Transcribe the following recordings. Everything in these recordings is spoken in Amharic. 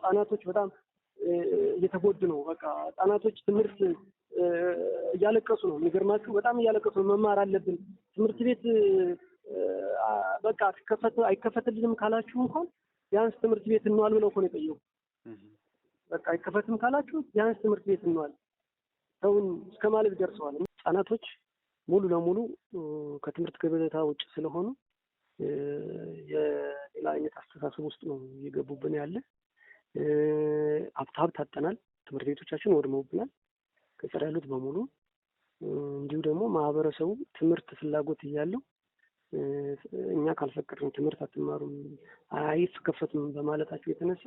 ህጻናቶች በጣም እየተጎዱ ነው። በቃ ህጻናቶች ትምህርት እያለቀሱ ነው። የሚገርማችሁ በጣም እያለቀሱ ነው። መማር አለብን ትምህርት ቤት በቃ አይከፈትልንም ካላችሁ እንኳን ቢያንስ ትምህርት ቤት እንዋል ብለው እኮ ነው የጠየቁ። በቃ አይከፈትም ካላችሁ ቢያንስ ትምህርት ቤት እንዋል ሰውን እስከ ማለት ደርሰዋል። ህጻናቶች ሙሉ ለሙሉ ከትምህርት ገበታ ውጭ ስለሆኑ የሌላ አይነት አስተሳሰብ ውስጥ ነው እየገቡብን ያለ። ሀብት ታጠናል። ትምህርት ቤቶቻችን ወድመውብናል። ገጠር ያሉት በሙሉ እንዲሁ ደግሞ ማህበረሰቡ ትምህርት ፍላጎት እያለው እኛ ካልፈቀድን ትምህርት አትማሩም፣ አይከፈትም በማለታቸው የተነሳ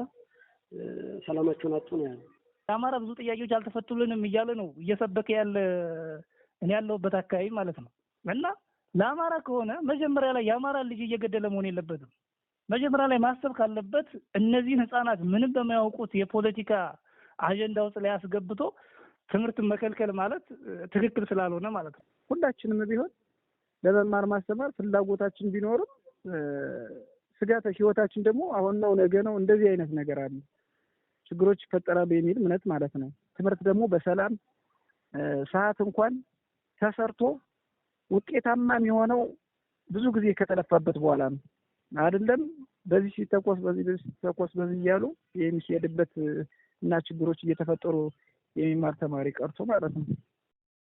ሰላማቸውን አጡ ነው ያለ። የአማራ ብዙ ጥያቄዎች አልተፈቱልንም እያለ ነው እየሰበከ ያለ እኔ ያለሁበት አካባቢ ማለት ነው። እና ለአማራ ከሆነ መጀመሪያ ላይ የአማራ ልጅ እየገደለ መሆን የለበትም። መጀመሪያ ላይ ማሰብ ካለበት እነዚህን ህጻናት ምንም በማያውቁት የፖለቲካ አጀንዳ ውስጥ ላይ አስገብቶ ትምህርትን መከልከል ማለት ትክክል ስላልሆነ ማለት ነው። ሁላችንም ቢሆን ለመማር ማስተማር ፍላጎታችን ቢኖርም ስጋት ህይወታችን ደግሞ አሁን ነው ነገ ነው እንደዚህ አይነት ነገር አለ፣ ችግሮች ይፈጠራሉ የሚል እምነት ማለት ነው። ትምህርት ደግሞ በሰላም ሰዓት እንኳን ተሰርቶ ውጤታማ የሚሆነው ብዙ ጊዜ ከተለፋበት በኋላ ነው። አይደለም በዚህ ሲተኮስ በዚህ ሲተኮስ በዚህ እያሉ የሚሄድበት እና ችግሮች እየተፈጠሩ የሚማር ተማሪ ቀርቶ ማለት ነው።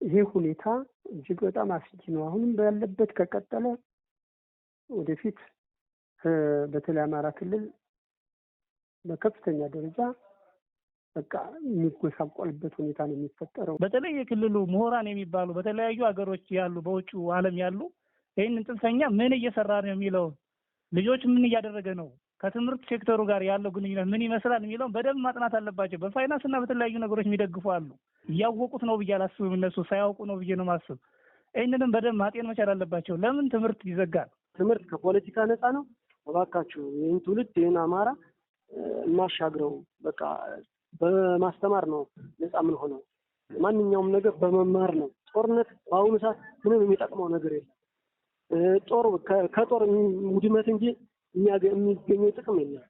ይሄ ሁኔታ እጅግ በጣም አስጊ ነው። አሁንም ባለበት ከቀጠለ ወደፊት በተለይ አማራ ክልል በከፍተኛ ደረጃ በቃ የሚጎሳቆልበት ሁኔታ ነው የሚፈጠረው። በተለይ የክልሉ ምሁራን የሚባሉ በተለያዩ ሀገሮች ያሉ በውጭ ዓለም ያሉ ይህንን ጽንፈኛ ምን እየሰራ ነው የሚለው ልጆች ምን እያደረገ ነው፣ ከትምህርት ሴክተሩ ጋር ያለው ግንኙነት ምን ይመስላል የሚለውን በደንብ ማጥናት አለባቸው። በፋይናንስ እና በተለያዩ ነገሮች የሚደግፉ አሉ። እያወቁት ነው ብዬ አላስብም። እነሱ ሳያውቁ ነው ብዬ ነው ማስብ። ይህንንም በደንብ ማጤን መቻል አለባቸው። ለምን ትምህርት ይዘጋል? ትምህርት ከፖለቲካ ነፃ ነው። እባካችሁ ይህን ትውልድ ይህን አማራ የማሻግረው በቃ በማስተማር ነው ነፃ ምን ሆነው ማንኛውም ነገር በመማር ነው። ጦርነት በአሁኑ ሰዓት ምንም የሚጠቅመው ነገር የለም። ጦር ከጦር ውድመት እንጂ የሚገኘው ጥቅም የለም።